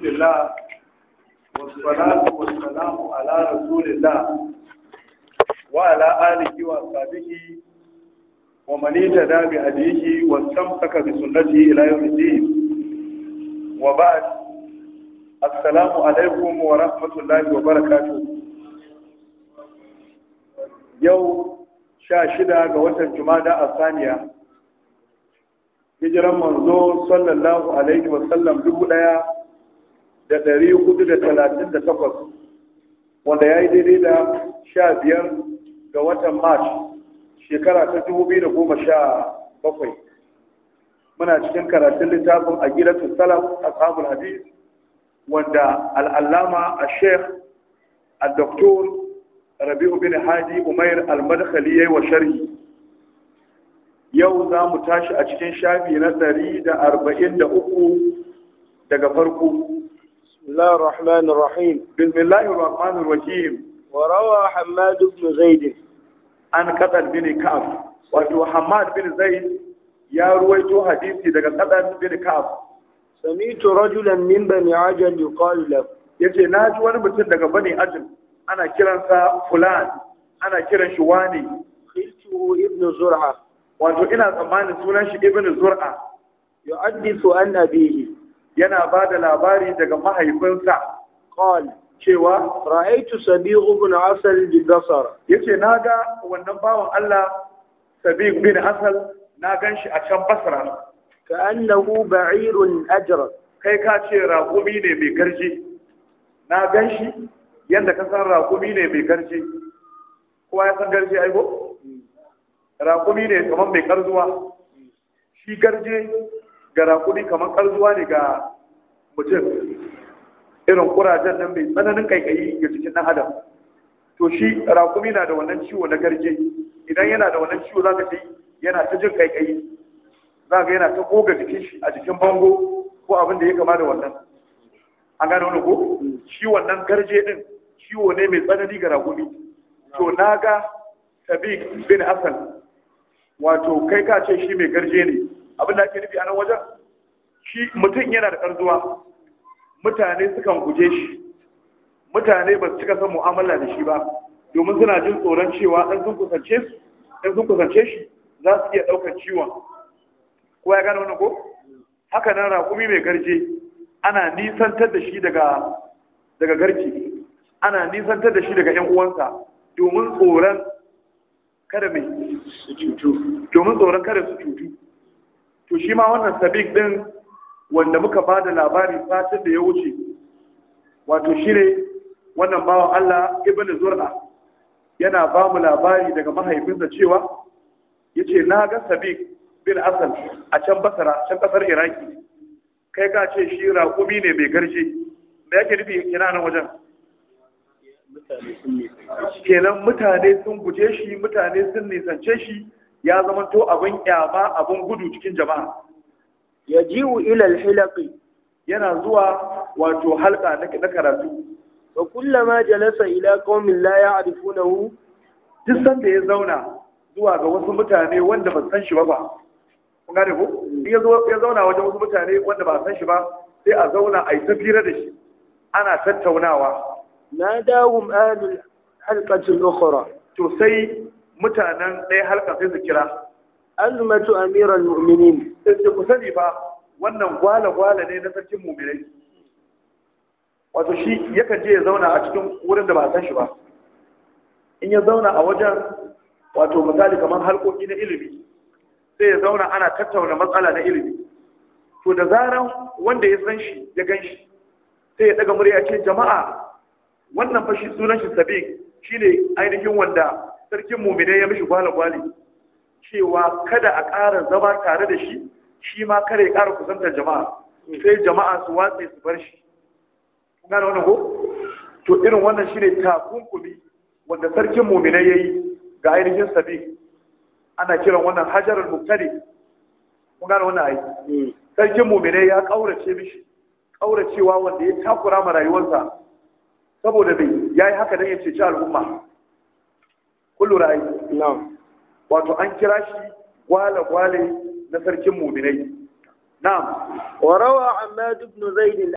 بسم الله والصلاة والسلام على رسول الله وعلى آله وصحبه ومن اهتدى بهديه واستمسك بسنته إلى يوم الدين وبعد السلام عليكم ورحمة الله وبركاته يوم شاشدة قوات الجمادة الثانية hijiran manzo sallallahu alaihi wasallam dubu daya da ɗari hudu da talatin da takwas wanda ya yi daidai da sha biyar ga watan march shekara ta dubu biyu da goma sha bakwai muna cikin karatun littafin a gidatun a sabon hadis wanda al'alama a shek a doktor rabi'u bin hadi umair al ya yayi wa sharhi yau za mu tashi a cikin shafi na ɗari da arba'in da uku daga farko بسم الله الرحمن الرحيم بسم الله الرحمن الرحيم وروى حماد بن زيد عن قتل بن كعب وروى حماد بن زيد يا رويت حديثي دغ قتل بن كعب سمعت رجلا من بني عجل يقال له يجي ناجي وني مت دغ بني عجل انا كيرنسا فلان انا كيرن شواني قلت ابن زرعه وانت انا زمان سنن ابن زرعه يؤدي ان ابيه yana ba da labari daga mahaifinsa qal cewa ra'aitu sabiq ibn asal Ya ce yace ga wannan bawan Allah sabiq bin asal na ganshi a can basra ka annahu ba'irun ajra kai ka ce raƙumi ne mai garji na ganshi yadda ka san raƙumi ne mai garji kowa ya san garji aibo ko mm. raƙumi ne kamar mai karzuwa mm. shi garje ga raƙumi kamar ƙarzuwa ne ga mutum irin ƙurajen nan mai tsananin ƙaiƙayi ga jikin ɗan adam to shi rakumi na da wannan ciwo na garje idan yana da wannan ciwo za ka ce yana ta jin ƙaiƙayi za ka yana ta goga jikin shi a jikin bango ko abin da ya kama da wannan an gane wani ko shi wannan garje ɗin ciwo ne mai tsanani ga rakumi to na ga tabi bin Hassan wato kai ka ce shi mai garje ne abin da ake nufi a nan wajen shi mutum yana da ƙarzuwa mutane sukan guje shi mutane ba su cika son mu'amala da shi ba domin suna jin tsoron cewa ɗan sun kusance su ɗan sun kusance shi za su iya ɗaukar ciwon ko ya gane wani ko haka nan raƙumi mai garje ana nisantar da shi daga daga garki ana nisantar da shi daga 'yan uwansa domin tsoron kada mai su cutu domin tsoron kada su cutu to shi ma wannan sabik din wanda muka ba da labari satin da ya wuce wato shi ne wannan bawan Allah ibn zur'a yana ba mu labari daga mahaifinsa cewa ya ce na ga sabik bin asal a can basara can kasar iraki kai ka ce shi raƙumi ne mai garje me yake nufi kina nan wajen kenan mutane sun guje shi mutane sun nisance shi ya to abin kyama abin gudu cikin jama'a yaji'u ila al-hilaqi yana zuwa wato halka na karatu wa kullama jalasa ila qaumin la ya'rifunahu duk sanda ya zauna zuwa ga wasu mutane wanda ba san shi ba kun gane ko mm. ya zauna wajen wasu mutane wanda ba san shi ba sai a zauna a yi tafira da shi ana tattaunawa na dawum ahlul al ukhra to sai mutanen ɗaya halkan sai su kira azmatu amiran mu'minin sai ku sani ba wannan gwala gwala ne na sarkin mu'minai wato shi yakan je ya zauna a cikin wurin da ba san shi ba in ya zauna a wajen wato misali kamar halkoki na ilimi sai ya zauna ana tattauna matsala na ilimi to da zaran wanda ya san shi ya gan shi sai ya ɗaga murya ce jama'a wannan fashi sunan shi sabi shine ainihin wanda sarkin mumine ya mishi gwale-gwale cewa kada a ƙara zama tare da shi shi ma kada ya ƙara kusantar jama'a sai jama'a su watsa su bar shi gane wani ko to irin wannan shi ne takunkumi wanda sarkin mumine ya yi ga ainihin sabi ana kiran wannan hajarar muktari kun gane wannan ayi hmm. sarkin mumine ya ƙaurace mishi ƙauracewa wanda ya takura ma rayuwarsa saboda bai ya yi haka don ya ceci al'umma كل رأي نعم واتو أنكراشي والا والي نصر كم مبيني نعم وروى عماد بن زيد